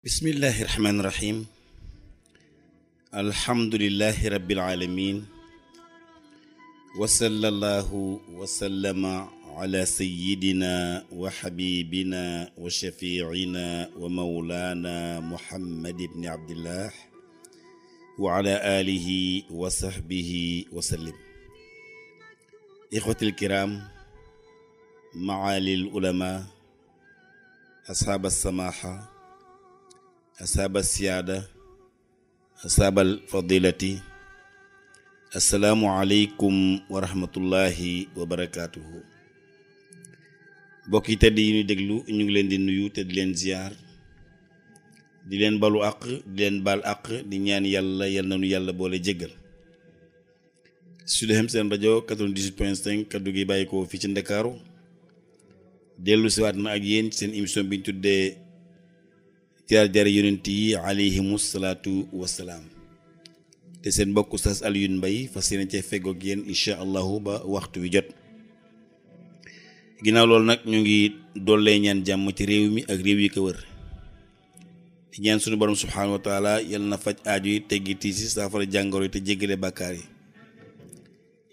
bismillahi irrahmaani irrahim alhamdulilahi rabilalamin wasala allahu wasallama ala sayidina wa xabibina wa shafiina wa maulana muhammad ibni abdillah wa ala alihi wa saxbihi wa sallim ixwati ilkiram maali l ulama asxaab alsamaha asaaba siyaada asaabal fadilati asalaamualeykum wa rahmatullahi wa barakaatuhu mbokk yi tedd yi déglu ñu ngi leen di nuyu te di leen ziar di leen balu àq di leen baal àq di ñaan yàlla yal na nu yàlla boole jéggal Sud FM seen rajo 98.5 kaddu gi bàyyi ko fii ci Ndakaaru dellu siwaat na ak yéen seen émission bi ñu tuddee. jaar-jaari yonent yi alayhimu salaatu wassalaam te seen mbokk Oustaz Alioune Mbaye fas yéene cee feggoog yéen incha allahu ba waxtu wi jot ginnaaw loolu nag ñu ngi dollee ñaan jàmm ci réew mi ak réew yi ko wër di ñaan suñu borom subhaanahu wa taala na faj aaju yi teggi tiisi saafara jàngoro yi te jéggale bàkkaar yi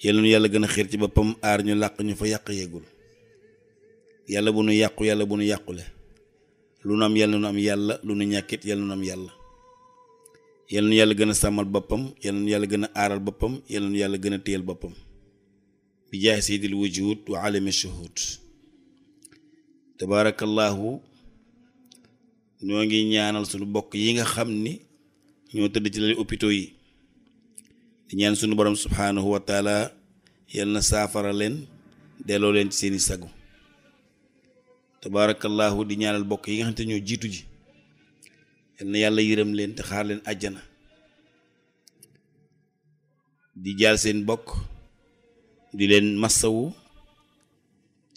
yal nu yàlla gën a xiir ci boppam aar ñu làq ñu fa yàq yeggul yàlla bu nu yàqu yàlla bu nu yàqule lu nu am yàlla nu am yàlla lu nu ñàkkit yàlla nu am yàlla yal na yàlla gën a sàmmal boppam yal yàlla gën a aaral boppam yal yàlla gën a téyal boppam bi jaay sayyidil wujud wa alami shuhud tabaarakallaahu ñoo ngi ñaanal suñu bokk yi nga xam ni ñoo tëdd ci lali hôpitaux yi di ñaan suñu borom subhaanahu wa taala na saafara leen delloo leen ci seeni sago tabaarakallaahu di ñaanal bokk yi nga xam te ñoo jiitu ji yal na yàlla yërëm leen te xaar leen àjjana di jaal seen bokk di leen massawu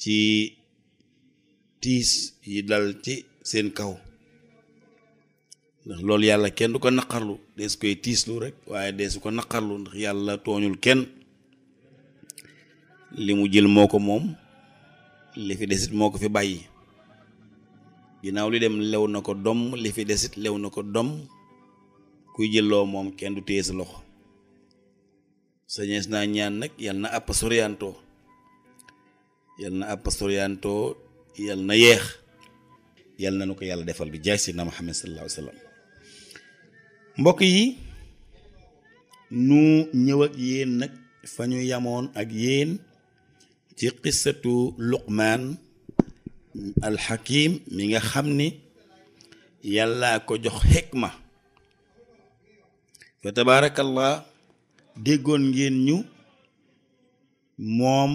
ci tiis yi dal ci seen kaw ndax loolu yàlla kenn du ko naqarlu dees koy tiislu rek waaye deesu ko naqarlu ndax yàlla tooñul kenn li mu jël moo ko moom li fi desit moo ko fi bàyyi ginnaaw li dem lew na ko doom li fi desit lew na ko doom kuy jëlloo moom kenn du téye sa loxo sañees naa ñaan nag yal na àpp soriyaantoo yal na àpp soriyaantoo yal na yeex yal na nu ko yàlla defal bi jaay sidna Muhammad sallallahu alayhi wa sallam mbokk yi nu ñëw yéen nag fa ñu yamoon ak yéen ci qissatu luqmaan alxakim mi nga xam ni yàllaa ko jox xikma fa tabaarakallah déggoon ngeen ñu moom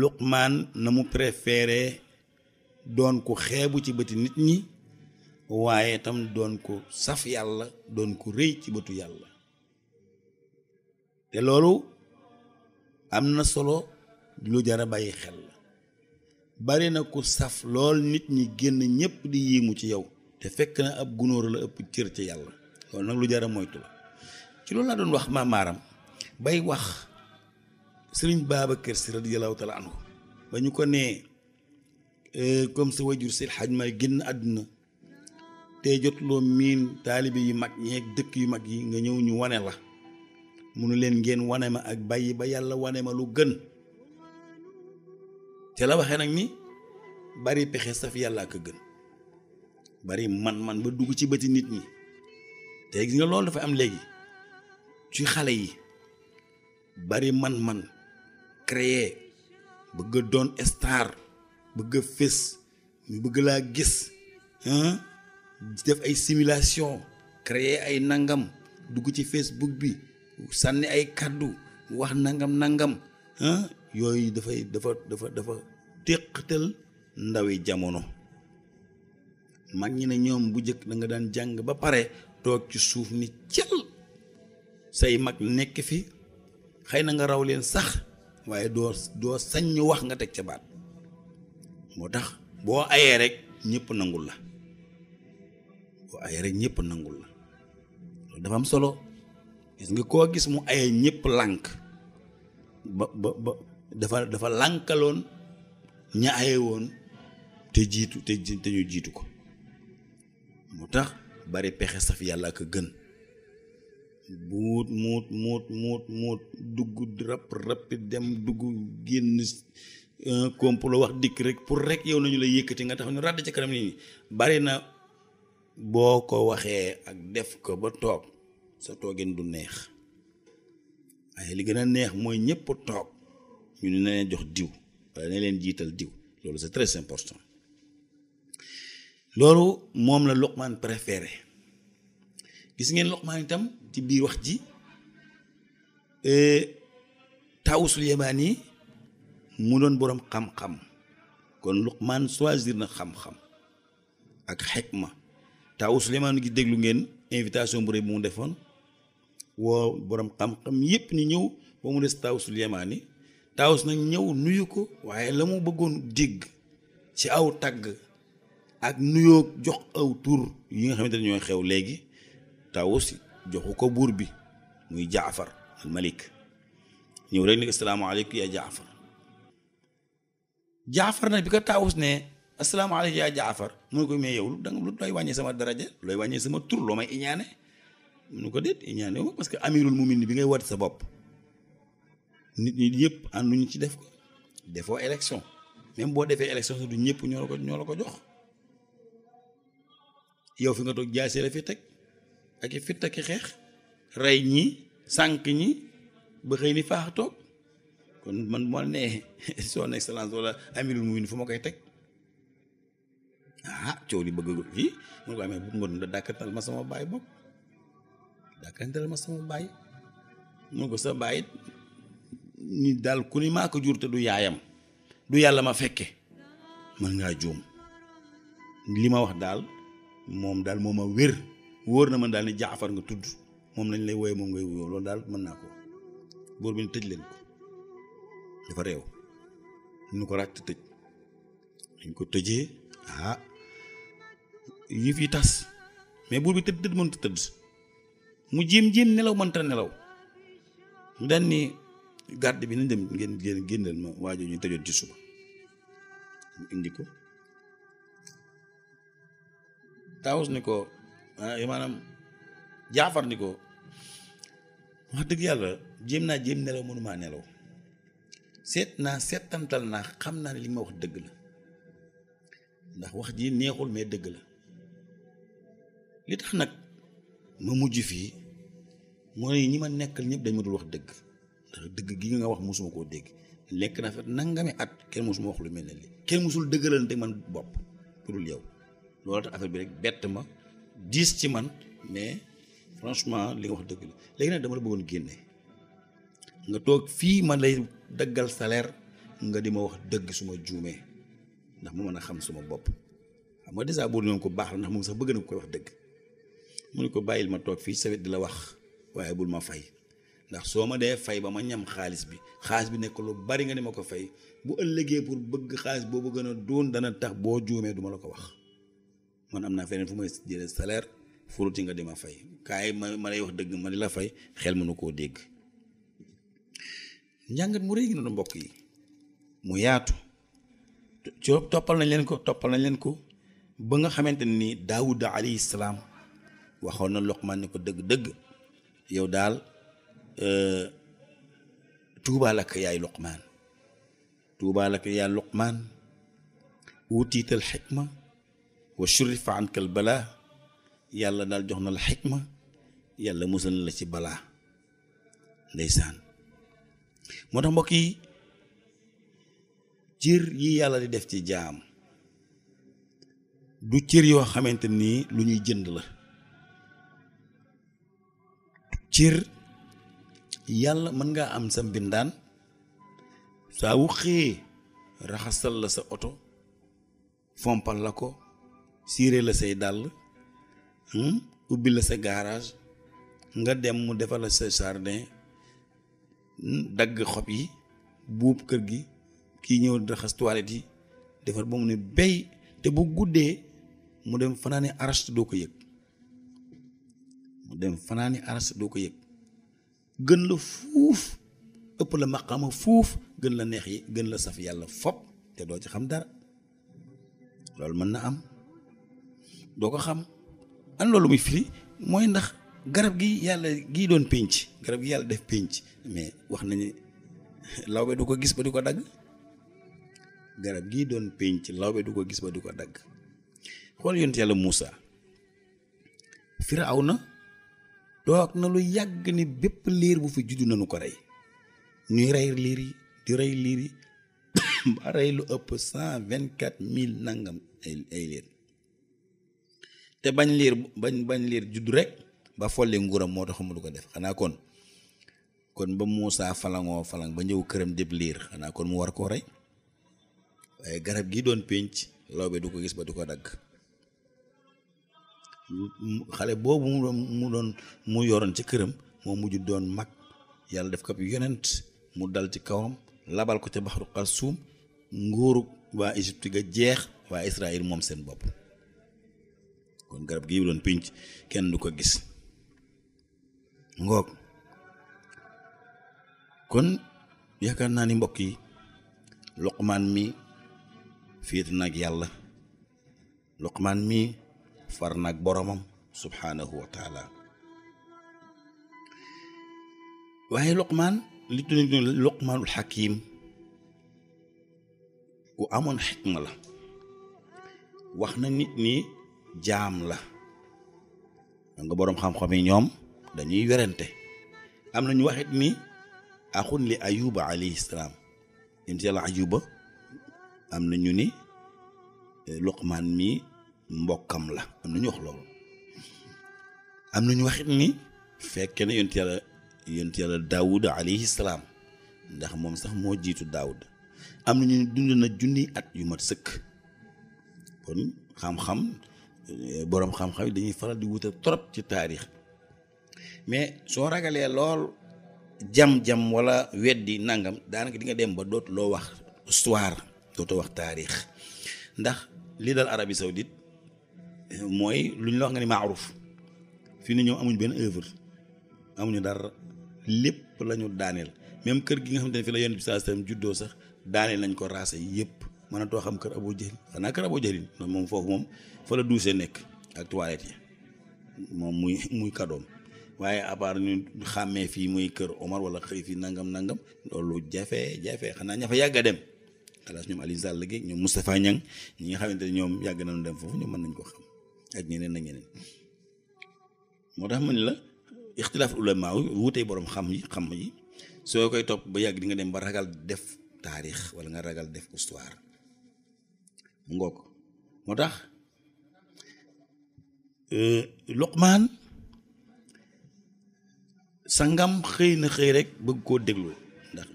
luqmaan na mu préféré doon ku xeebu ci bëti nit ñi waaye tam doon ko saf yàlla doon ko rëy ci bëtu yàlla te loolu am na solo lu jar a bàyyi xel la bari na ku saf lool nit ñi génn ñépp di yiimu ci yow te fekk na ab gunóor la ëpp cër ci yàlla loolu nag lu jar a moytu la ci loolu laa doon wax maamaaram bay wax sëriñ Babacar Si radiyallaahu taala anhu ba ñu ko nee euh, comme sa wajur si xaj may génn àdduna te jotuloo miin taalibe yu mag ñeeg dëkk yu mag yi nga ñëw ñu wane la munu leen ngeen wane ma ak bàyyi ba yàlla wane ma lu gën te la waxee nag ni bari pexe saf yàlla ko gën bari man-man ba dugg ci bëti nit ñi te gis nga loolu dafa am léegi ci xale yi bari man-man créer bëgg a doon star bëgg fës fés ñu bëgg laa gis def ay simulation créer ay nangam dugg ci Facebook bi sànni ay kàddu wax nangam nangam yooyu dafay dafa dafa dafa téqatal ndawi jamono mag ñi ne ñoom bu jëkk da nga daan jàng ba pare toog ci suuf ni cel say mag nekk fi xëy na nga raw leen sax waaye doo doo sañ wax nga teg ca baat moo tax boo ayee rekk ñépp nangul la boo ayee rek ñëpp nangul la loolu dafa solo gis nga koo gis mu ayee ñëpp lànk ba ba ba dafa dafa lànkaloon ña aye woon te jiitu te te ñu jiitu ko mu tax bari pexe saf yàlla ak gën muut muut muut muut muut dugg rap rapi dem dugg génn complot wax dikk rek pour rek yow nañu la yëkkati nga tax ñu ràdd ci kanam nii bari na boo ko waxee ak def ko ba toog sa toogin du neex waaye li gën a neex mooy ñëpp toog ñu ne leen jox diw wala na leen jiital diw loolu c'est très important loolu moom la Luqmaan préféré gis ngeen Luqmaan itam ci biir wax ji eh, taawusul yamaan yi mu doon boroom xam-xam kon Luqmaan soisir na xam-xam ak xikma taawusul yamaan gi déglu ngeen invitation bu rëy bu mu defoon woo boroom xam-xam yépp ñu ñëw ba mu des taawusul yamaan yi Daawus nag ñëw nuyu ko waaye la mu bëggoon digg ci aw tagg ak nuyoo jox aw tur yi nga xamante ne ñooy xew léegi Daawus joxu ko buur bi muy Jaafar al Malik ñëw rek ni asalaamaaleykum yaa Jaafar Jaafar nag bi ko Daawus ne asalaamaaleykum yaa Jaafar mu ne ko mais yow da nga lu looy wàññee sama daraja looy wàññee sama tur loo may iñaane mu ko déet iñaane parce que amirul mumin bi ngay wat sa bopp nit ñi yëpp ànduñu ci def ko defoo élection même boo defee élection sax du ñëpp ñoo la ko ñoo la ko jox yow fi nga toog jaasee la fi teg ak i fit ak i xeex rey ñi sànq ñi ba ni faax toog kon man moo nee son excellence wala ma koy teg ah li bëgg fi mun ko amee bu ma ma sama baay bopp dàkkantal ma sama baay mun ko sa baay ni daal ku ni maa jur te du yaayam du yàlla ma fekke mën ngaa juum li ma wax daal moom daal moom a wér wóor na man daal ni jaafar nga tudd moom lañ lay wooye moom ngay wuyoo loolu daal mën naa ko buur bi ni tëj leen ko dafa réew ñu ko ràcc tëj dañ ko tëjee ah, yëf yi tas mais buur bi tëdd tëdd mënta mu jéem jéem nelaw mënta nelaw daan ni garde bi nañ dem ngeen ngeen génneel ma waajo ñu tëjoon ci suba ñu indi ko taawus ni ko ah, eh, maanaam jaafar ni ko wax dëgg yàlla jéem naa jéem nelaw mënumaa nelaw seet naa seetantal naa xam naa ne li ma wax dëgg la ndax wax ji neexul mais dëgg la li tax nag ma mujj fii mooy ñi ma nekkal ñëpp dañ ma dul wax dëgg ndax dëgg gi nga wax mosuma koo dégg lekk na nanga nangami at kenn mosuma wax lu mel ne lii kenn mosul dëggalante man bopp ku dul yow loolu ak affaire bi rek bett ma diis ci man mais franchement li nga wax dëgg la léegi nag dama la bëggoon génne nga toog fii man lay daggal salaire nga di ma wax dëgg suma juumee ndax mu mën a xam suma bopp xam nga dèjà boo doon ko baax la ndax moom sax bëgg na ko koy wax dëgg mu ne ko bàyyil ma toog fii sawet di la wax waaye bul ma fay. ndax soo ma dee fay ba ma ñam xaalis bi xaalis bi nekk lu bari nga ni ma ko fay bu ëllëgee pour bëgg xaalis boobu gën a doon dana tax boo juumee duma la ko wax man am naa feneen fu may jëlee salaire furuti nga di ma fay kaay ma ma lay wax dëgg ma di la fay xel mënu koo dégg njàngat mu réy mbokk yi mu yaatu ci toppal nañ leen ko toppal nañ leen ko ba nga xamante ni daawuda alayhi salaam waxoon na man ne ko dëgg-dëgg yow daal Euh, tuubaa yaay luqmaan tuubaa la yaay luqmaan wutiital xikma wa shurifa ankal balaa yàlla daal jox na la xikma yàlla musal na la ci balaa ndeysaan moo tax mbokk yi cër yi yàlla di def ci jaam du cër yoo xamante ni lu ñuy jënd la yàlla mën ngaa am sa mbindaan saa wu raxasal la sa oto fompal la ko siire la say dàll hmm, ubbi la sa garage nga dem mu defal la sa jardin hmm, dagg xob yi buub kër gi kii ñëw raxas toilette yi defar ba mu ne bay te bu guddee mu dem fanaani aras doo ko yëg mu dem fanaani aras doo ko yëg gën la fuuf ëpp la maqaama fuuf gën la neex yi gën la saf yàlla fop te doo ci xam dara loolu mën na am doo ko xam an loolu muy firi mooy ndax garab gi yàlla gii doon pénc garab gi yàlla def pénc mais wax nañu lawbe du ko gis ba di ko dagg garab gii doon pénc lawbe du ko gis ba di ko dagg xool yonent yàlla Muusa na toog na lu yàgg ni bépp liir bu fi juddu nañu ko rey ñuy rey liir yi di rey liir yi ba rey lu ëpp cent vingt quatre mille nangam ay liir te bañ liir bañ bañ liir juddu rek ba folle nguuram moo tax mu lu ko def xanaa kon kon ba Moussa falangoo falang ba ñëw këram déb liir xanaa kon mu war koo rey waaye garab gii doon pénc law du ko gis ba du ko dagg xale boobu mu doon mu doon yoroon ci këram moo mujj doon mag yàlla def ko yonent mu dal ci kawam labal ko ca baxru xalsuum nguuru waa Égypte ga jeex waa Israël moom seen bopp kon garab gii doon pinc kenn du ko gis ngoog kon yaakaar naa ni mbokk yi Luqmaan mi féet nag yàlla Luqmaan mi far nag boromam subhaanahu wa taala waaye luqmaan li tudd ñu luqmaanul xakiim ku amoon xikma la wax na nit ñi jaam la nga boroom xam-xam yi ñoom dañuy werante am na ñu waxit ni axun li ayuba alayhi ayuba am na ñu ni eh, luqmaan mii mbokkam la am na ñu wax loolu am na ñu wax ni fekke na yonent yàlla yonent yàlla daawud salaam ndax moom sax moo jiitu daawud am na ñu dund na junni at yu mat sëkk kon xam-xam eh, boroom xam-xam yi dañuy faral di wute trop ci taarix mais soo ragalee lool jam-jam wala weddi nangam daanaka di nga dem ba doot loo wax histoire dootoo wax taarix ndax li dal Arabie Saoudite mooy lu ñu la wax nga ni maaruf fii ni ñoom amuñ benn œuvre amuñu dara lépp la ñu daaneel même kër gi nga xam ne fii la yon bi sallallahu alayhi sax daaneel nañ ko raase yëpp mënatoo xam kër Abu Jahl xanaa kër Abu Jahl moom foofu moom fa la duusee nekk ak toilette yi muy muy kadoom waaye à ñu xàmmee fii muy kër Omar wala xëy fii nangam nangam loolu jafe jafe xanaa ña fa yàgg dem xalaas ñoom Alioune Sall gi ñoom Moustapha Niang ñi nga xamante ne ñoom yàgg nañu dem foofu ñoom mën nañ ko xam. ak ñeneen na ñeneen moo tax ma la ixtilaaf ulama yi wuutee boroom xam yi xam yi soo koy topp ba yàgg di nga dem ba ragal def taarix wala nga ragal def histoire ngoo ko moo tax euh, Luqmaan sangam xëy na xëy rek bëgg koo déglu ndax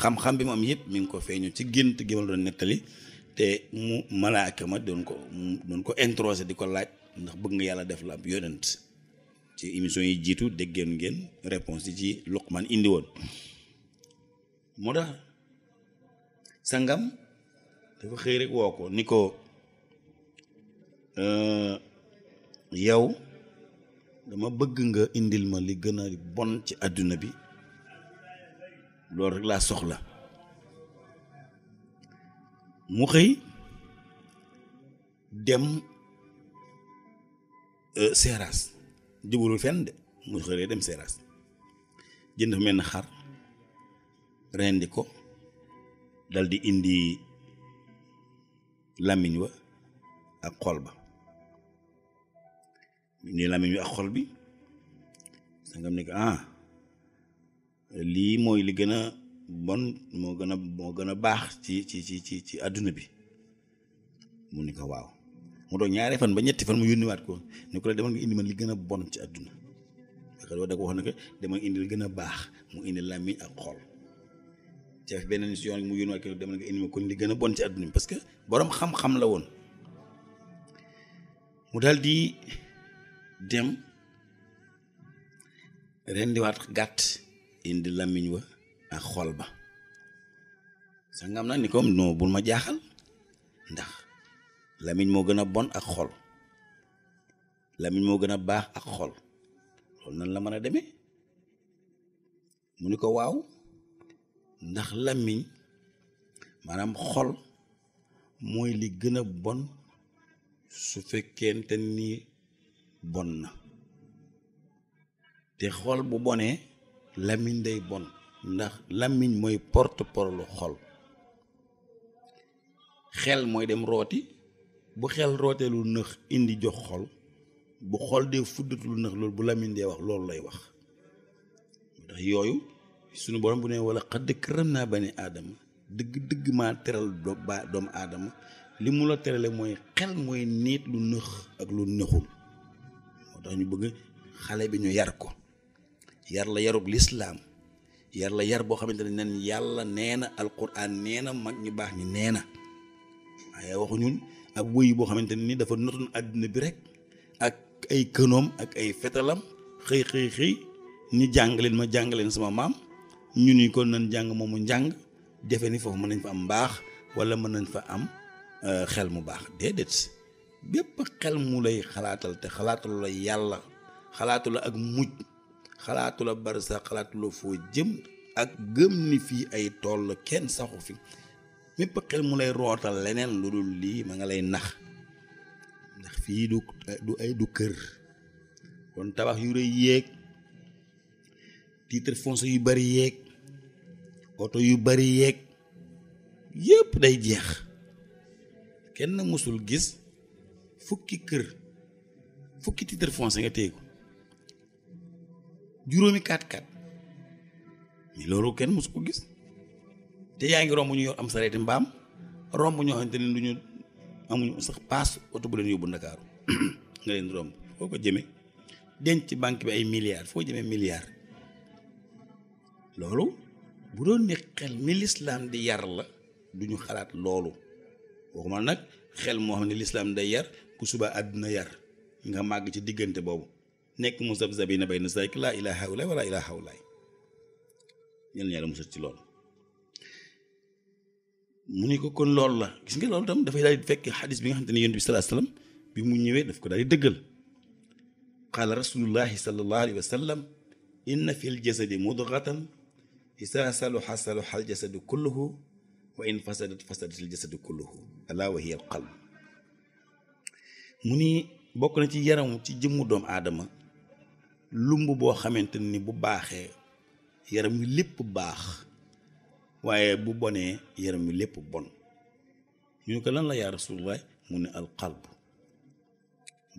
xam-xam bi mu am yëpp mi ngi ko feeñu ci gént gi ma doon nettali te mu malaaka ma doon ko doon ko introsé di ko laaj ndax bëgg nga yàlla def la ab yonent ci émission yi jiitu déggeen ngeen réponse yi ci man indi woon moo tax sangam dafa xëy rek woo ko ni ko euh, yow dama bëgg nga indil ma li gën a bon ci àdduna bi loolu rek laa soxla mu xëy dem euh, seeraas jubalul fenn de mu xëyee dem seeraas jënd fa mel na xar rendi ko dal di indi làmmiñ wa ak xool ba indi làmmiñ wi ak xol bi sangam ne ko ah lii mooy li gën a bon moo gën a moo gën a baax ci ci ci ci ci àdduna bi mu ni ko waaw mu doon ñaari fan ba ñetti fan mu yónniwaat ko ni ko la demal nga indi man li gën a bon ci àdduna parce que da ko indi li gën a baax mu indi làmmiñ ak xol ci beneen si yoon mu yónniwaat ko demal nga indi ma kon li gën a bon ci àdduna bi parce que boroom xam-xam la woon mu dal di dem rendiwaat gàtt indi làmmiñ wa ak xol ba sangam na ni ko non bul ma jaaxal ndax lamiñ moo gën a bon ak xol moo gën a baax ak xol loolu nan la mën a deme mu ni ko waaw ndax lamiñ maanaam xol mooy li gën a bon su fekkente nii bon na te xol bu bonee lamiñ day bon ndax làmmiñ mooy porte parole xol xel mooy dem rooti bu xel rootee lu nëx indi jox xol bu xol dee fuddatu lu nëx loolu bu làmmiñ dee wax loolu lay wax moo tax yooyu suñu borom bu ne wala xadd këram naa bani aadama dëgg dëgg maa teral doomu aadama li mu la terale mooy xel mooy niit lu nëx ak lu nëxul moo tax ñu bëgg xale bi ñu yar ko yar la yarub lislaam yar la yar boo xamante ne nen yàlla nee na alquran nee na mag ñi baax ni nee na waaye waxu ak ab boo xamante ne ni dafa notoon àdduna bi rek ak ay kënoom ak ay fetalam xëy xëy xëy ñu jàng leen ma jàng leen sama maam ñu ni kon nan jàng moomu njàng defe ni foofu mën nañ fa am mbaax wala mën nañ fa am euh, xel mu baax déedéet bépp xel mu lay xalaatal te xalaatalu la yàlla xalaatu ak mujj xalaatula bari barsa xalaatu foo jëm ak gëm ni fii ay tool kenn saxu fi mépp xel mu lay rootal leneen lu dul lii ma nga lay nax ndax fii du du ay du kër kon tabax yu rëy yéeg titre foncier yu bari yéeg oto yu bari yéeg yépp day jeex kenn mësul gis fukki kër fukki titre foncier nga téye ko juróomi 4-4 mais loolu kenn mosu ko gis te yaa ngi romb ñu yor am sareeti mbaam romb ñoo xamante ne du amuñu sax paas oto bu leen yóbbu Ndakaaru nga leen romb foo ko jëmee denc ci banque bi ay milliards foo jëmee milliards loolu bu doon ne xel mi lislaam di yar la duñu xalaat loolu waxuma nag xel moo xam ne lislaam day yar bu suba àdduna yar nga màgg ci diggante boobu nekk mu zabzabi na bay na zalik laa ilaa hawlaay wala ilaa hawlaay ñen ñaar musal ci loolu mu ni ko kon loolu la gis nga loolu tam dafay daal di fekk xadis bi nga xam te ne yonent bi salaa sallam bi mu ñëwee daf ko daal di dëggal qaala rasulullahi sallallahu alayhi wa sallam inna fi ljasadi mudgatan isaa saluxa saluxa aljasadu kulluhu wa in fasadat fasadat aljasadu kulluhu alaa wa hiya alqalb mu ni bokk na ci yaram ci jëmm doomu aadama lumb boo xamante ni bu baaxee yaram wi lépp baax waaye bu bonee yaram wi lépp bon ñu ne ko lan la yaa rasulullah mu ne al qalb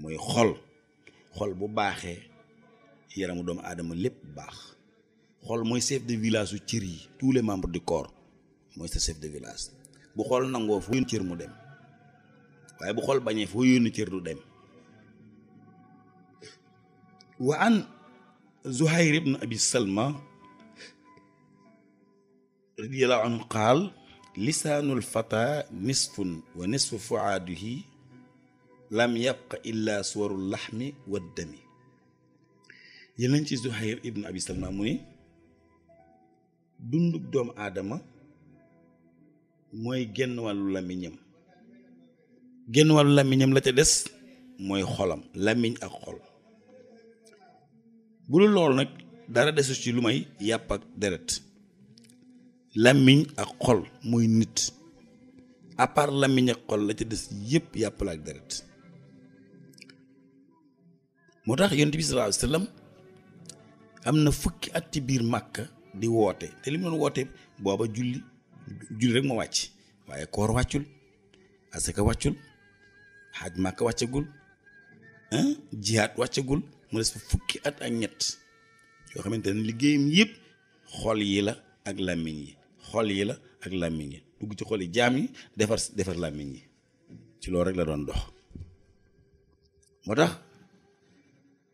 mooy xol xol bu baaxee yaramu doomu aadama lépp baax xol mooy chef de village su cër yi tous les membres du corps mooy sa chef de village bu xol nangoo foo yónni cër mu dem waaye bu xol bañee foo yónni cër du dem wa an zuhayr ibn abi salma radiyallahu qaal lisaanu lfata nisfun wa nisfu fuaaduhi lam yabqa illa suwaru laxmi wa dami yeneen ci zuhayr ibn abi mu ne dundug doomu aadama mooy genn wàllu làmmiñam genn wàllu làmmiñam la ca des mooy xolam làmmiñ ak xol bu dul loolu nag dara desu ci lu may yàpp ak deret làmmiñ ak xol mooy nit à part làmmiñ ak xol la ca des yëpp yàpp ak deret moo tax yonent bi sallallahu alayhi am na fukki at ci biir màkka di woote te li mu doon woote booba julli julli rek ma wàcc waaye koor wàccul asaka wàccul xaaj màkk wàccagul jihaat wàccagul mu des fa fukki at ak ñett yoo xamante ne liggéeyam yépp xol yi la ak làmmiñ yi xol yi la ak làmmiñ yi dugg ci xol yi jaam yi defar defar làmmiñ yi ci loolu rek la doon dox moo tax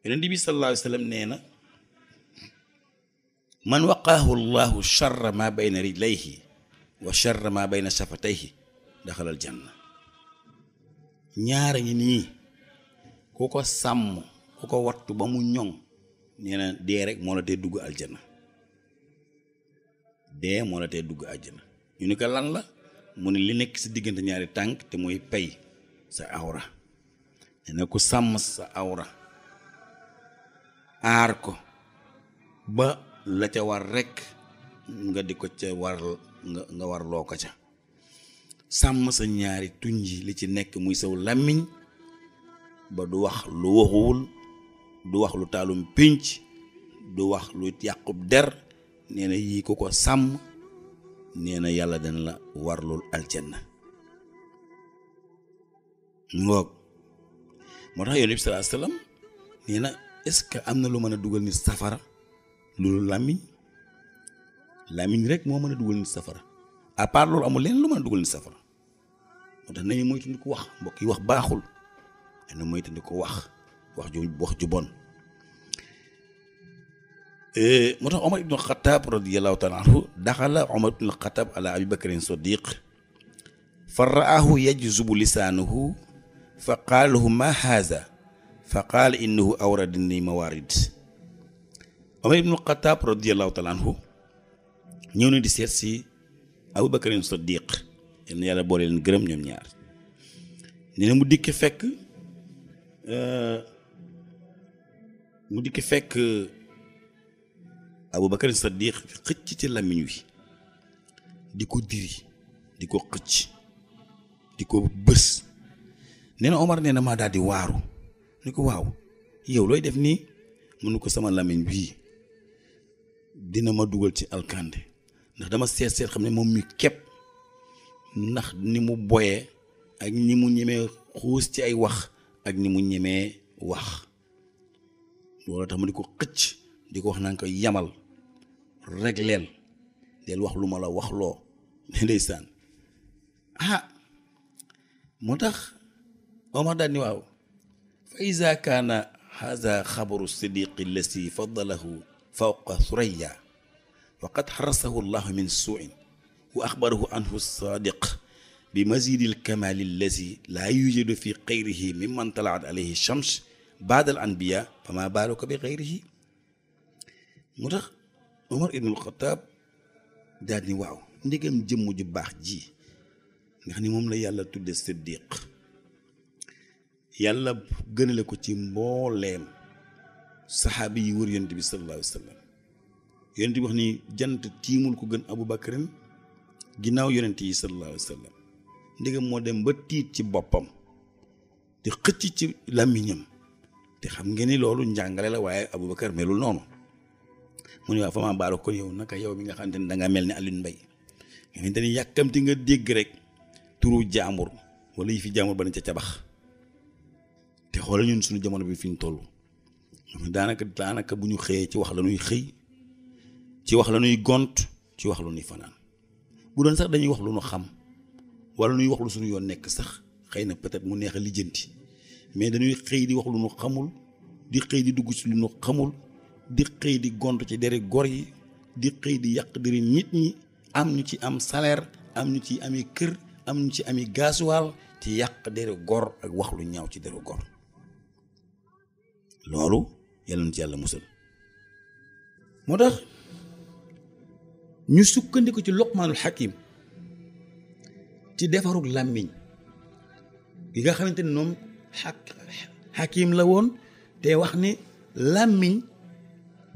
yonent bi sallallahu alayhi wa sallam nee na man waqaahu llahu charra ma bayna rijlayhi wa charra ma bayna shafatayhi daxalal janna ñaara ngi nii ku ko sàmm ku ko wattu ba mu ñoŋ nee na dee rek moo la tee dugg aljana dee moo la tee dugg aljana ñu ni ko lan la mu ne li nekk si diggante ñaari tànk te mooy pay sa awra ne na ku sàmm sa awra aar ko ba la ca war rekk nga di ko ca war nga war loo ko ca sàmm sa ñaari tuñ yi li ci nekk muy saw làmmiñ ba du wax lu waxuwul du wax lu taalum pinc du wax lu yàqub der nee na yii ku ko sàmm nee na yàlla dana la warlul aljanna ngoog moo tax yonent bi sallallahu alayhi wasallam est-ce que am na lu mën a dugal nit safara lu làmmiñ làmmiñ rek moo mën a dugal nit safara à part loolu amul leen lu mën a dugal nit safara moo tax nañu moytu wax mbokk yi wax baaxul ana moytu ko wax wax ju wax ju bon eh, moo tax Omar ibn Khattab radiyallahu taala anhu daxala Omar ibn Khattab ala abi sadiq fa raahu yajzubu lisaanuhu fa qaala lahu ma haza fa qaala innahu awradani mawarid Omar ibn Khattab radiyallahu taala anhu ñëw na di seet si abu bakrin sadiq yenn yàlla boole leen gërëm ñoom ñaar nee mu dikk fekk eh, mu dikki fekk Abubakar Saddiq xëcc ci làmmiñ wi di ko diri di ko xëcc di ko bës nee na Omar nee na maa daal di waaru ni ko waaw yow looy def nii mënu ko sama làmmiñ bii dina ma dugal ci alkande ndax dama seet seet xam ne moom mi képp ndax ni mu boye ak ni mu ñemee xuus ci ay wax ak ni mu ñemee wax loolu tax mu di ko xëcc di ko wax naan ko yamal rek leel del wax lu ma la wax loo ndeysaan ah moo tax Omar daal ni waaw fa iza kaana haza xabaru sidiqi lasi faddalahu fawqa suraya faqad xarasahu llahu min suuin wa axbarahu anhu sadiq bi mazidil kamali allasi laa yujadu fi xayrihi mimman talaat alayhi shams baadal anbiya fa maa baalu ko bi xayrihi mu tax Omar ibnul Xataab daal ni waaw ndegam jëmm ju baax ji nga xam ni moom la yàlla tudde siddiq yàlla gënale ko ci mbooleem saxaabi yi wër yonent bi sallallahu alayhi yonent bi wax ni jant tiimul ko gën abu bakarin ginnaaw yonent yi sallallahu alayhi wa ndegam moo dem ba tiit ci boppam te xëcc ci làmmiñam te xam ngeen ni loolu njàngale la waaye Aboubacar melul noonu mu ne waaw Fama Baara ko yow naka yow bi nga xamante ni da mel ni Alioune Mbaye nga xamante ni nga dégg rek turu jaambur wala yi fi jaambur ba ne ca cabax te xoolal ñun suñu jamono bi fi ñu toll daanaka daanaka bu ñu xëyee ci wax la ñuy xëy ci wax la ñuy gont ci wax lu ñuy fanaan bu doon sax dañuy wax lu ñu xam wala ñuy wax lu suñu yoon nekk sax xëy na peut-être mu neex a lijjanti. mais dañuy xëy di wax lu nu xamul di xëy di dugg ci lu nu xamul di xëy di gont ci dere gor yi di xëy di yàq dere nit ñi am ñu ci am salaire am ñu ci amee kër am ñu ci amee gaasuwaal ci yàq dere gor ak wax lu ñaaw ci dere gor loolu yàlla na ci yàlla musal moo tax ñu sukkandiku ci loqmaanul xakim ci defarug làmmiñ yi nga xamante ni noonu xakim la woon te wax ni làmmiñ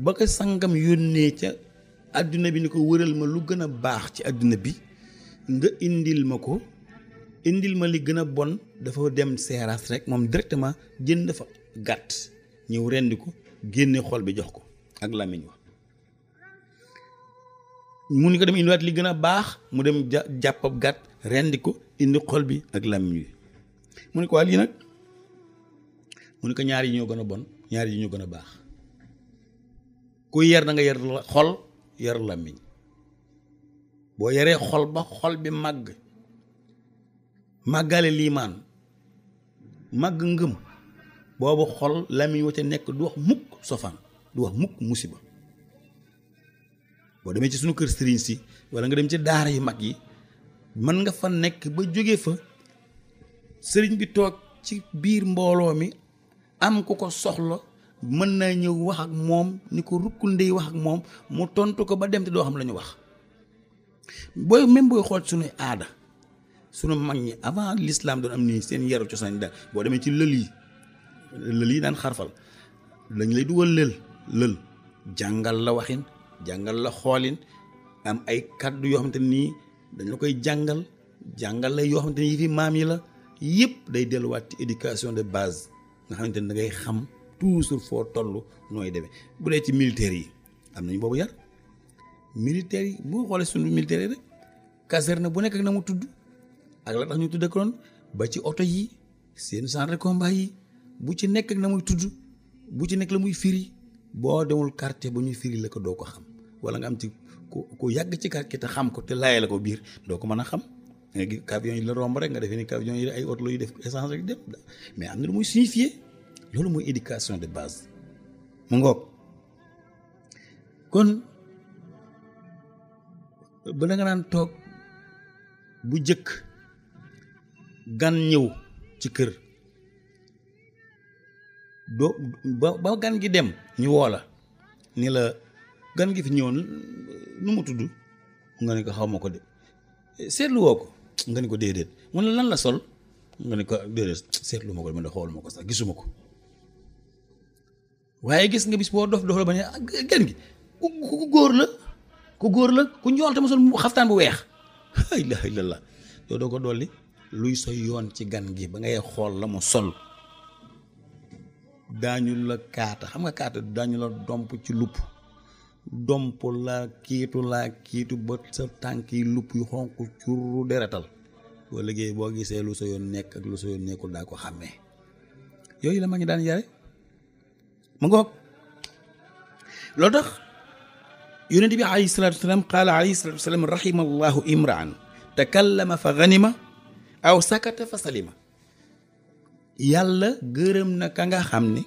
ba ko sangam yónnee ca àdduna bi ni ko wëral ma lu gën a baax ci àdduna bi nga indil ma ko indil ma li gën a bon dafa dem seeraas rek moom directement jënd dafa gàtt ñëw rendi ko génne xol bi jox ko ak làmmiñ wa mu ni ko dem indiwaat li gën a baax mu dem jàpp gàtt rendi ko indi xol bi ak làmmiñ wi mu ne ko waa lii nag mu ne ñaar yi ñoo gën a bon ñaar yi ñoo gën a baax ku yar da nga yar xol yar làmmiñ boo yaree xol ba xol bi màgg màggale liimaan màgg ngëm boobu xol làmmiñ wa ci nekk du wax mukk sofaan du wax mukk musiba boo demee ci sunu kër sëriñ si walla nga dem ci daara yu mag yi mën nga fa nekk ba jóge fa sëriñ bi toog ci biir mbooloo mi am ku ko soxla mën naa ñëw wax ak moom ni ko rukkul ndey wax ak moom mu tontu ko ba dem te doo xam la ñu wax booy même booy xool suñuy aada sunu mag ñi avant lislaam doon am nii seen yaru cosaan da boo demee ci lël yi lël daan xarfal dañ lay dugal lël lël jàngal la waxin jàngal la xoolin am ay kàddu yoo xamante nii dañ la koy jàngal jàngal la yoo xam ni yi fi maam yi la yëpp day delluwaat ci éducation de base nga xamante ne da ngay xam toujours foo toll nooy demee bu dee ci militaire yi am nañ boobu yar militaire yi boo xoolee suñu militaire yi rek caserne bu nekk ak na mu tudd ak la tax ñu tudd ak loon ba ci oto yi seen centre de yi bu ci nekk ak na muy tudd bu ci nekk la muy firi boo demul quartier ba ñuy firi la ko doo ko xam wala nga am ti ku ku yàgg ci quartier te xam ko te laajee la ko biir doo ko mën a xam. léegi camion yi la romb rek nga defee ni camion yi ay oto la yu def essence mais am na lu muy loolu mooy éducation de base mu ngoog kon ba la nga naan toog bu jëkk gan ñëw ci kër doo ba ba gan gi dem ñu woo la ni la gan gi fi ñëwoon nu mu tudd nga ne ko xaw ma ko de seetlu ko nga ni ko déedéet mu ne lan la sol nga ni ko déedéet seetlu ko ko man de xooluma ko sax gisuma ko waaye gis nga bis boo dof dof la ba ne ah, gën gi ku góor la ku góor la ku njool te ma sol xaftaan bu weex la ilaha la yow doo ko dolli luy sa yoon ci gan gi ba ngay xool la mu sol daañu la kaata xam nga kaata daañu la domp ci lupp domp la kiitu laa kiitu ba sa tànk yi lupp yu xonq curu deretal boo liggéey boo gisee lu sa yoon nekk ak lu sa yoon nekkul daa ko xàmmee yooyu la ma ngi daan yare mu ngoog loolu tax yonent bi alayhi salatu wasalaam qaala alayhi salatu wasalaam rahima imraan takallama fa ganima aw sakata fa salima yàlla gërëm na ka nga xam ni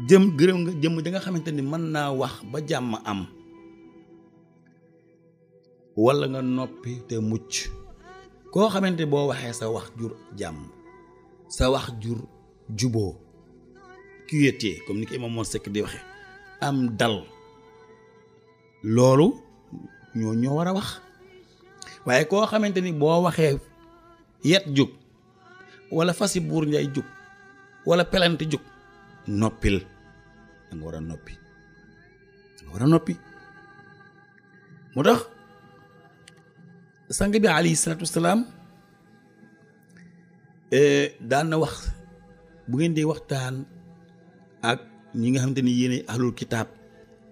jëm gërëm nga jëm da nga xamante ni mën naa wax ba jàmm am wala nga noppi te mucc koo xamante boo waxee sa wax jur jàmm sa wax jur juboo kuyete comme ni ko imam moon sekk di waxe am dal loolu ñoo ñoo war a wax waaye koo xamante ni boo waxee yet jug wala fasi buur njaay jóg wala pelante jug noppil da war a noppi da war a noppi moo tax sang bi alayhi salaatu wasalaam eh, daan na wax bu ngeen dee waxtaan ak ñi nga xamante ni yéen ahlul kitaab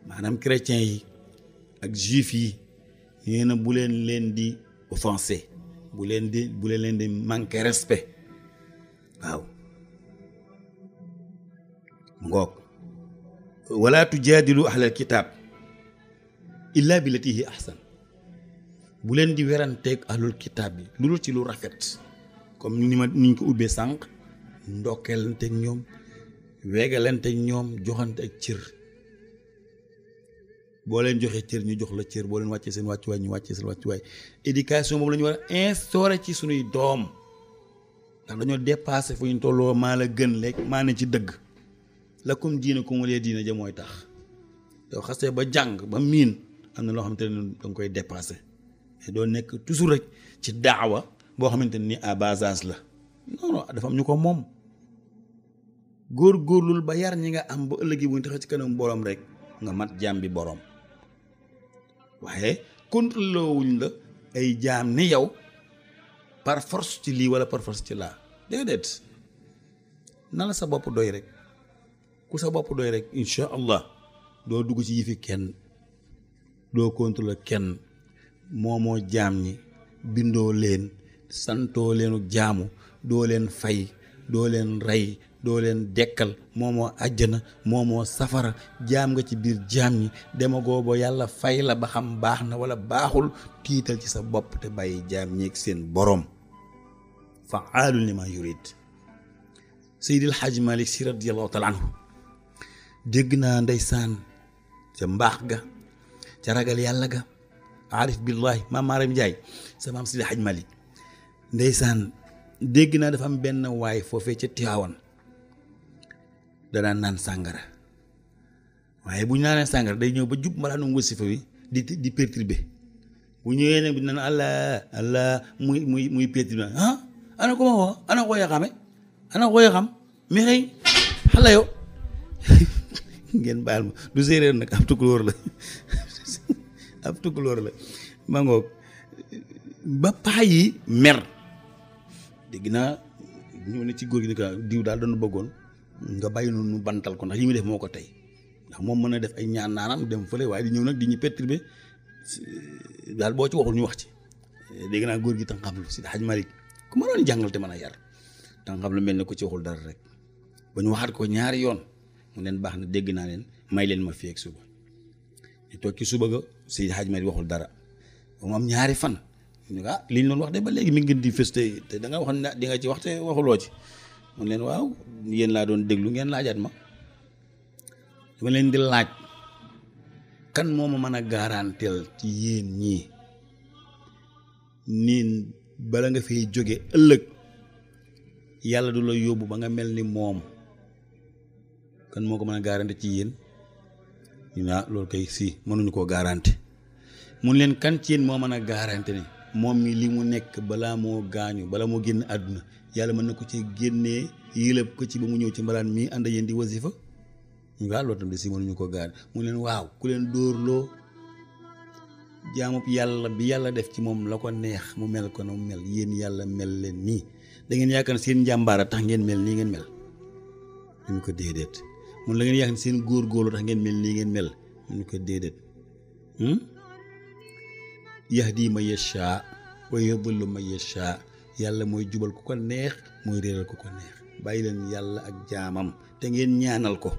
maanaam chrétien yi ak juif yi nee na bu leen leen di offensé bu leen di bu leen leen di manqué respect waaw ngoog wala tujaadilu ahlal kitaab illa bi latihi ahsan bu leen di weranteeg ahlul kitaab bi lu dul ci lu rafet comme ni ma niñ ko ubbee sànq ndokkeelanteeg ñoom weegalanteeg ñoom joxante ak cër boo leen joxee cër ñu jox la cër boo leen wàccee seen wàccuwaay ñu wàccee seen wàccuwaay éducation boobu la ñu war a ci suñuy doom ndax dañoo dépassé fu ñu tolloo maa la gën lekk maa ne ci dëgg la lakum diinukum waliya diina ja mooy tax yow xasee ba jàng ba miin am na loo xamante ne da koy dépassé mais doo nekk toujours rek ci daawa boo xamante ni à bas la non non dafa am ñu ko moom góor-góorlul ba yar ñi nga am ba ëllëgi bu ñu taxee ci kanam boroom rek nga mat jaam bi boroom waaye contrôlé wuñ la ay jaam ni yow par force ci lii walla par force ci laa déedéet na la sa bopp doy rek. ku sa bopp doy rek incha allah doo dugg ci yëfi kenn doo contrôler kenn moomoo jaam ñi bindoo leen santoo leenu jaamu doo leen fay doo leen rey doo leen dekkal moomoo àjjana moomoo safara jaam nga ci biir jaam ñi demagoo ba yàlla fay la ba xam baax na wala baaxul tiital ci sa bopp te bàyyi jaam ñeeg seen boroom faalun li ma yurid Seydil Hadj Malick si radiyallahu taala anhu dégg naa ndeysaan ca mbaax ga ca ragal yàlla ga arif billahi maam Maram Njaay sa maam Sidi Haj Malik ndeysaan dégg naa dafa am benn waay foofee ca Tiwaawan danaa naan sàngara waaye bu naanee sàngara day ñëw ba jub mbalaanum wasifa wi di di perturbé bu ñëwee nag bi naan allah allah muy muy muy perturbé ah ana ko ma woo ana ko xame ana ko xam mi xëy xala ngeen baal ma du séeréer nag ab tukulóor la ab tukulóor la ma ngoog ba paa yi mer dégg naa ñëw na ci góor gi ni ko diw daal doon bëggoon nga bàyyi noonu nu bantal ko ndax yi muy def moo ko tey ndax moom mën na def ay ñaan naanam dem fële waaye di ñëw nag di ñu perturbé daal boo ci waxul ñu wax ci dégg naa góor gi tam xam lu si Haj Malik ku ma doon jàngal te mën a yar tam xam lu mel ni ko ci waxul dara rek ba ñu waxaat ko ñaari yoon mu leen baax na dégg naa leen may leen ma fii ak suba ñu toog ci suba ga si xaj ma waxul dara moom ñaari fan ñu ah li ñu doon wax de ba léegi mi ngi di feste te da nga wax ne di nga ci wax te waxuloo ci mu leen waaw yéen laa doon déglu ngeen laajaat ma dama leen di laaj kan moo ma mën a garanteel ci yéen ñii niin bala nga fay jóge ëllëg yàlla du la yóbbu ba nga mel ni moom. kan moo ko mën a garanti ci yéen ñu ne ah, loolu kay si mënuñu koo garanti mun leen kan ci yéen moo mën a garanti ne moom mi li mu nekk balaa moo gaañu balaa moo génn àdduna yàlla mën na ko ci génnee yëlëb ko ci ba mu ñëw ci mbalaan mii ànd yéen di wasifa ñu ne ah, loolu tam de si mënuñu koo garanti mu leen waaw ku leen dóorloo jaamub yàlla bi yàlla def ci moom la ko neex mu mel ko na mu mel yéen yàlla mel leen nii da ngeen yaakaar seen njàmbaara tax ngeen mel nii ngeen mel ñu ko déedéet mun la ngeen yàq seen góor-góorlu tax ngeen mel nii ngeen mel mu ne ko déedéet hmm? yahdi man yashaa wa yudillu man yashaa yàlla mooy jubal ku ko neex mooy réeral ku ko neex bàyyi leen yàlla ak jaamam te ngeen ñaanal ko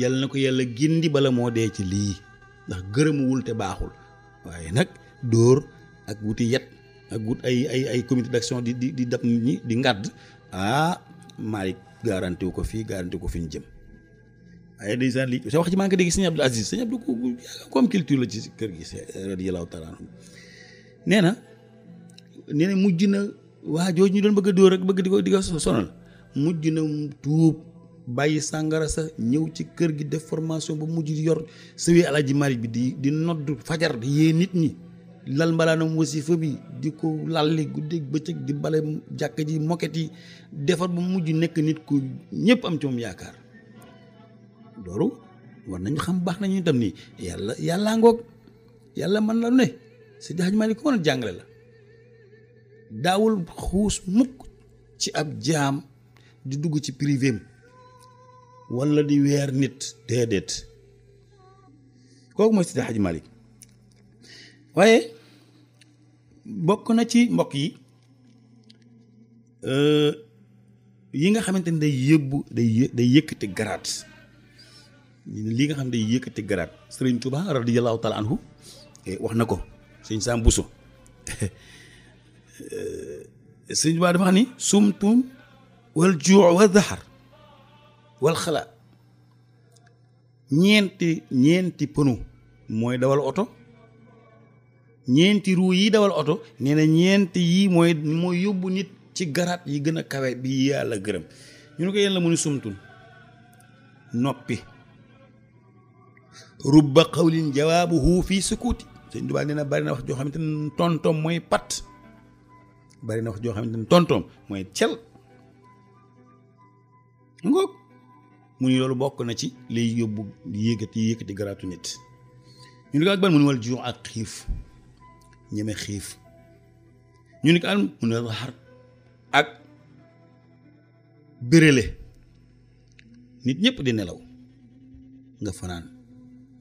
yàlla na ko yàlla gindi bala moo dee ci lii ndax gërëmuwul te baaxul waaye nag dóor ak wuti yet ak wut ay ay ay comité d'action di di di dab nit ñi di ngàdd ah Malick garanti wu ko fii garanti ko fi ñu jëm waaye dèjà li sa wax ji maa ngi ko dégg sëñ Abdou Aziz sëñ Abdou comme culture la ci kër gi radiyallahu taala anhu nee na nee na mujj na waajoo ñu doon bëgg a rek bëgg di ko di ko sonal mujj na tuub bàyyi sàngara sa ñëw ci kër gi def formation ba mujj yor sëwee ji Malik bi di di nodd fajar di yee nit ñi. lal mbalaanam wasifa bi di ko lalli guddeeg bëccëg di bale jàkk ji mokket yi defar ba mujj nekk nit ku ñëpp am ci yaakaar loolu war nañu xam baax nañu itam nii yàlla yàllaa ngoog yàlla mën la ne si daaj maa ni mën a jàngale la daawul xuus mukk ci ab jaam di dugg ci privéem walla di weer nit déedéet kooku mooy si daaj Malik waaye bokk na ci mbokk yi euh, yi nga xamante ni day yëbbu day yë day yëkkati garaat lii nga xam day yëkkati garaat sëriñ Tuuba radiyallahu taala anhu eh, wax na ko sëñ Sam Bousso sëriñ Tuuba dafa xam ni sumtum wal juu wal dahar wal xala ñeenti ñeenti pënu mooy dawal oto ñeenti ruu yi dawal oto nee na ñeenti yii mooy mooy yóbbu nit ci garaat yi gën a kawe bi yàlla gërëm ñu ne ko yéen la mu ni sumtun noppi rubba xawlin jawaabuhu fii sukuuti sëñ Tuubaa nee na bari na wax joo xamante ne mooy pat bari na wax joo xamante ne tontoom mooy cel ngoog mu ni loolu bokk na ci liy yóbbu yéegati yéegati garaatu nit ñu ne ko ak ban mu ni wal ju ak xiif ñeme xiif ñu ni ko al mu ne xar ak bérélé nit ñëpp di nelaw nga fanaan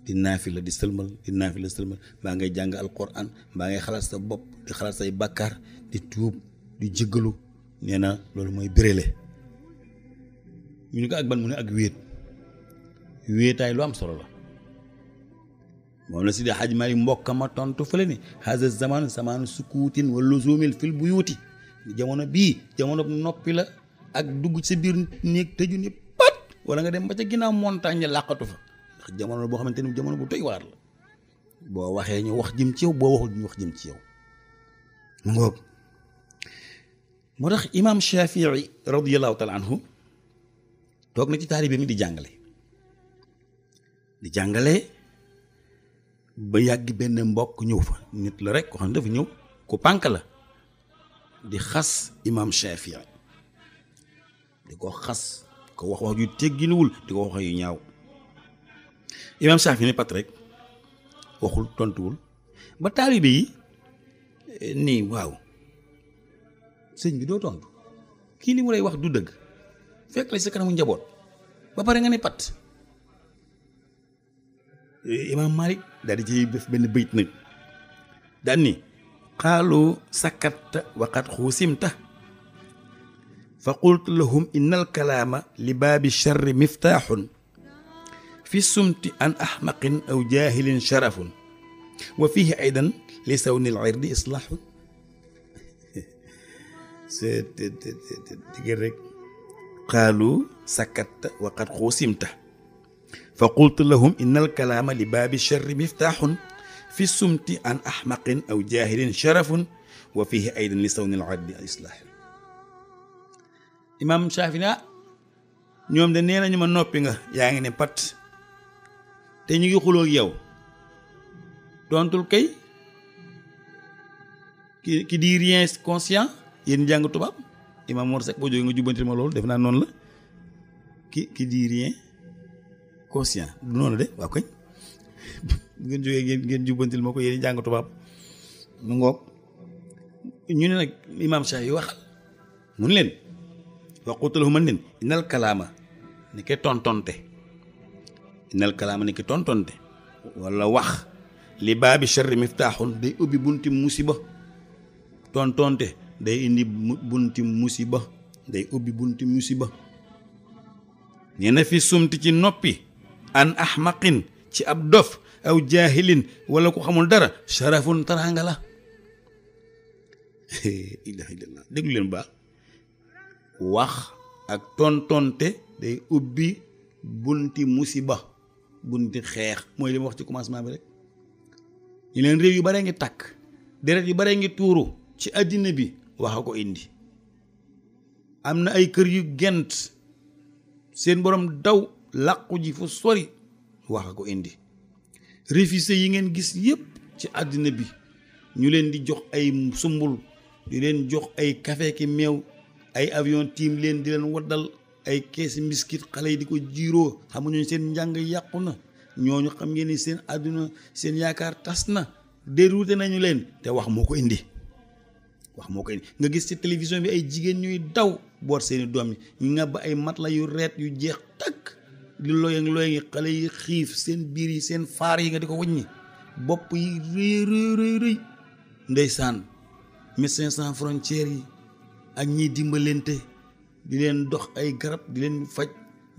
di la di sëlmal di naafila sëlmal mbaa ngay jàng alquran mbaa ngay xalaat sa bopp di xalaat say bàkkaar di tuub di jéggalu nee na loolu mooy bérélé ñu ni ko ak ban mu ne ak wéet wéetaay lu am solo la moom la si di xaj mari mbokka ma tontu fële ni haza zaman zaman sukuutin wa luzumil fil buyuti jamono bii jamono bu noppi la ak dugg ci biir néeg tëju ni pat wala nga dem ba ca ginnaaw montagne làqatu fa ndax jamono boo xamante ni jamono bu doy waar la boo waxee ñu wax jëm ci yow boo waxul ñu wax jëm ci yow mu ngoog moo tax imaam Shafii radiyallahu taala anhu toog na ci taalibe mi di jàngale di jàngale ba yàgg benn mbokk ñëw fa nit la rek ko xam ne dafa ñëw ku pànk la di xas imam Shaafi di ko xas ko wax wax yu tegginuwul di ko wax yu ñaaw imam Shaafi ni pat rek waxul tontuwul ba taalibe yi nii waaw sëñ bi doo tontu kii li mu lay wax du dëgg fekk la sa kanamu njaboot ba pare nga ne pat imaam Malik daal di ci def benn bëyit nag daan ni xaalu sakatta waqat xuusimta fa qultu lahum inna alkalaama li baabi charri miftaaxun fi sumti an axmaqin aw jaahilin sharafun wa fihi aydan li sawni alirdi islaaxun se digér rek xaalu sakatta waqat xuusimta fa qultu lahum inna alkalaama li baabi charri miftaaxun fi sumti an axmaqin aw jaahilin sharafun wa fihi aydan li sawni al-adli islaahi imaam Shaafi ñoom de nee nañu ma noppi nga yaa ngi ne pat te ñu ngi xuloo yow tontul kay ki ki di rien conscient yéen jàng tubaab imaam Mor Seck boo jógee nga jubbantil ma loolu def naa noonu la ki ki di conscient noonu de waaw koñ ngeen jógee ngeen ngeen jubbantil ma ko yéen jàng tubaab mu ngoog ñu ne nag imaam Cheikh yi wax mun leen waqutu lahum man leen ni ke tontonte innal kalaama ni ke tontonte wax li baabi charri miftaaxun day ubbi bunti musiba tontonte day indi bunti musiba day ubbi bunti musiba nee fi sumti ci noppi an ahmaqin ci ab dof aw jaahilin wala ko xamul dara sharafun taranga la ilaha déglu leen baax wax ak tontonte day ubbi bunti musiba bunti xeex mooy li wax ci commencement bi rek ñu leen réew yu baree ngi takk deret yu baree ngi tuuru ci àddina bi wax a ko indi am na ay kër yu gent seen borom daw làqu ji fu sori wax a ko indi réfugiés yi ngeen gis yépp ci àddina bi ñu leen di jox ay sumbul di leen jox ay café ki meew ay avion tiim leen di leen waddal ay keesi mbiskit xale yi di ko jiiroo xamuñu seen njàng yàqu na ñooñu xam ngeen ni seen àdduna seen yaakaar tas na dérouté nañu leen te wax moo ko indi wax moo ko indi nga gis ci télévision bi ay jigéen ñuy daw boot seeni doom yi ñu ngàbb ay la yu reet yu jeex takk li looyang xale yi xiif seen biir yi seen faar yi nga di ko waññi bopp yi rëy rëy rëy rëy ndeysaan yi ak ñiy dimbalante di leen dox ay garab di leen faj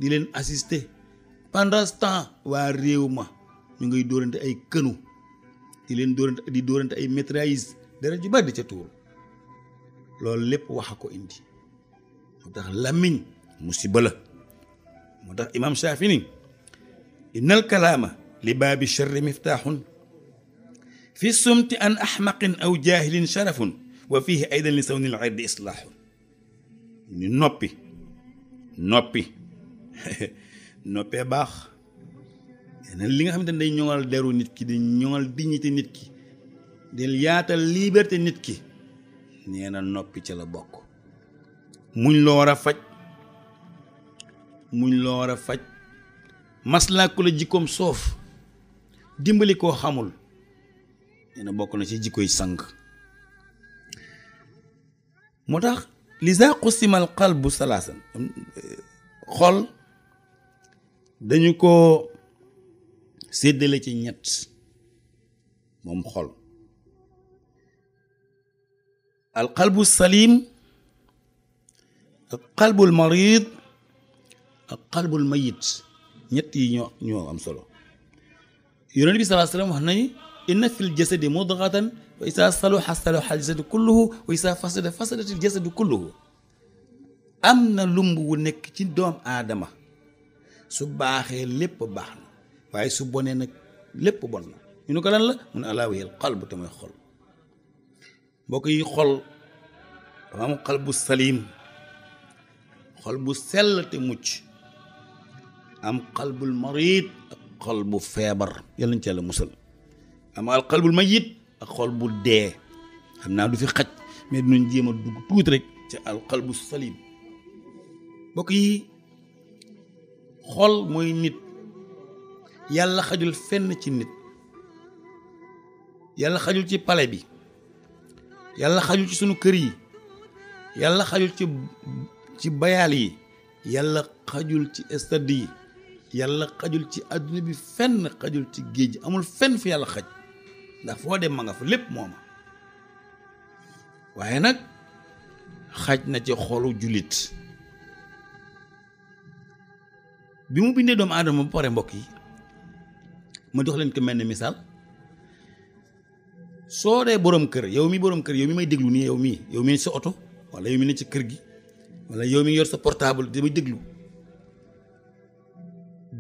di leen assister pendant ce temps ma ñu ngay dóorante ay kënu di leen di dóorante ay mitrailleuses dara ju bari ca tuur loolu lépp wax a ko indi moo tax làmmiñ musiba la moo tax imaam Shaafi ni innal kalaama li baabi charri miftaaxun fi sumti an axmaqin aw jaahilin sharafun wa fii aydan li sawnil irdi islaaxun ni noppi noppi noppee baax yeneen li nga xam ne day ñoŋal deru nit ki di ñoŋal dignité nit ki del yaatal liberté nit ki nee na noppi ci la bokk muñ loo war a faj muñ loo war a faj maslaa ku jikkoom soof dimbali koo xamul nee bokk na ci jikkoy sang moo tax lisa xusimal bu salaasan xol dañu ko séddale ci ñett moom xol al qalbu salim al qalbu al marid ak xalbul mayit ñett yi ñoo ñoo am solo yonent bi salaa wax nañu inna fil jasadi mudghatan wa isaa saluha saluha al-jasadu kulluhu wa isaa fasada fasadati al-jasadu na lumb wu nekk ci doom aadama su baaxee lépp waaye su bonee nag lépp bon na ñu ne yi xol dafa bu saliim xol bu sell te mucc am xalbul marid ak xol bu feebar yàlla nañ ci yàlla musal am al xalbul mayit ak xol bu dee xam naa du fi xaj mais dinañ jéem a dugg tuuti rek ci al xalbu salim mbokk yi xol mooy nit yàlla xajul fenn ci nit yàlla xajul ci pale bi yàlla xajul ci sunu kër yi yàlla xajul ci ci bayaal yi yàlla xajul ci stade yi yàlla xajul ci àdduna bi fenn xajul ci géej amul fenn fi yàlla xaj ndax foo dem ma nga fa lépp mooma waaye nag xaj na ci xolu jullit bi mu bindee doomu aadama ba pare mbokk yi ma jox leen ko mel ni misaal soo dee borom kër yow mi borom kër yow mi may déglu nii yow mii yow mi ne sa oto wala yow mi ne ci kër gi wala yow mi yor sa portable di déglu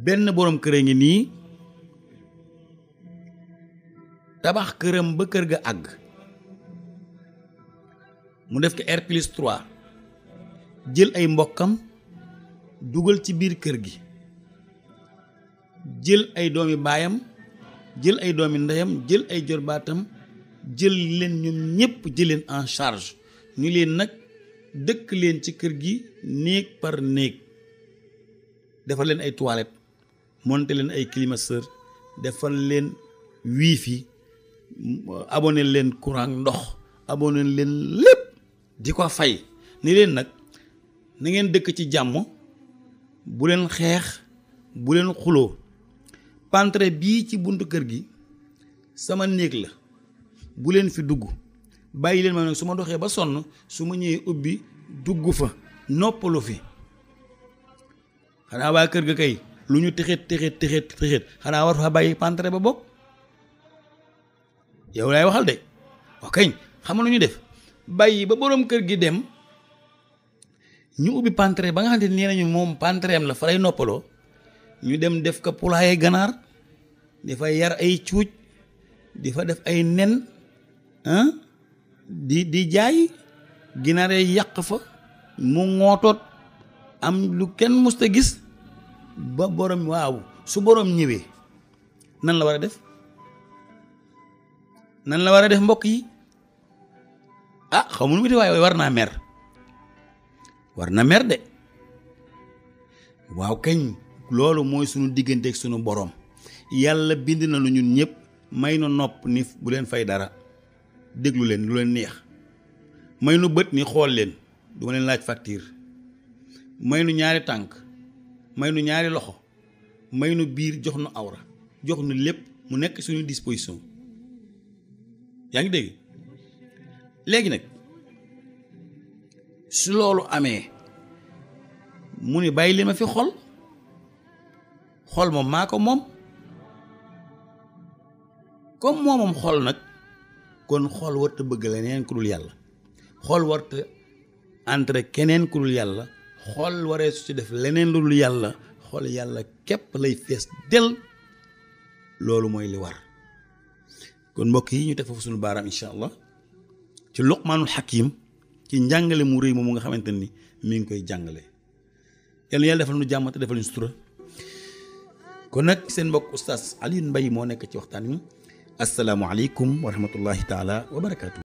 benn borom kër a ngi nii tabax këram ba kër ga àgg mu def ko R plus jël ay mbokkam dugal ci biir kër gi jël ay doomi baayam jël ay doomi ndeyam jël ay jorbaatam jël leen ñoom ñépp jël leen en charge ñu leen nag dëkk leen ci kër gi néeg par néeg defar leen ay toilettes monté leen ay climatiseur defal leen wifi abonné leen courant ndox abonné leen lépp di ko fay ni leen nag na ngeen dëkk ci jàmm bu leen xeex bu leen xuloo pantre bii ci buntu kër gi sama néeg la bu leen fi dugg bàyyi leen ma nag su ma doxee ba sonn su ma ñëwee ubbi dugg fa noppalu fi xanaa waa kër ga kay lu ñu tëxët tëxët tëxët tëxët xanaa war fa bàyyi pantre ba bokk yow laay waxal de ok xam nga lu ñu def bàyyi ba boroom kër gi dem ñu ubbi pantre ba nga xam ne nee nañu moom pantreem la fa lay noppaloo ñu dem def ko poulailler ganaar di fa yar ay cuuj di fa def ay nen di di jaay ginaar yàq fa mu ngootoot am lu kenn musta gis ba borom waaw su boroom ñëwee nan la war a def nan la war a def mbokk yi ah xaw mu di waaye war naa mer war na mer de waaw kañ loolu mooy sunu diggante ak sunu boroom yàlla bind na lu ñun ñëpp may na nopp ni bu leen fay dara déglu leen lu leen neex may nu bët ni xool leen du leen laaj facture may nu ñaari tànk. may nu ñaari loxo may nu biir jox nu awra jox nu lépp mu nekk suñu disposition yaa ngi dégg léegi nag su loolu amee mu ni bàyyi li ma fi xol xol ma maa ko moom comme moomam xol nag kon xol warta bëgg leneen ku dul yàlla xol warta entre keneen ku dul yàlla xool waree su ci def leneen lu dul yàlla xool yàlla képp lay fees del loolu mooy li war kon mbokk yi ñu def foofu suñu baaraam incha allah ci luqmaanul xakim ci njàngale mu rëy moom mu nga xamante ni mu ngi koy jàngale yàlla yàlla defal ñu jàmm te defal ñu sutura kon nag seen mbokk oustaz Alioune mbay moo nekk ci waxtaan wi asalaamaaleykum wa rahmatullahi taala wa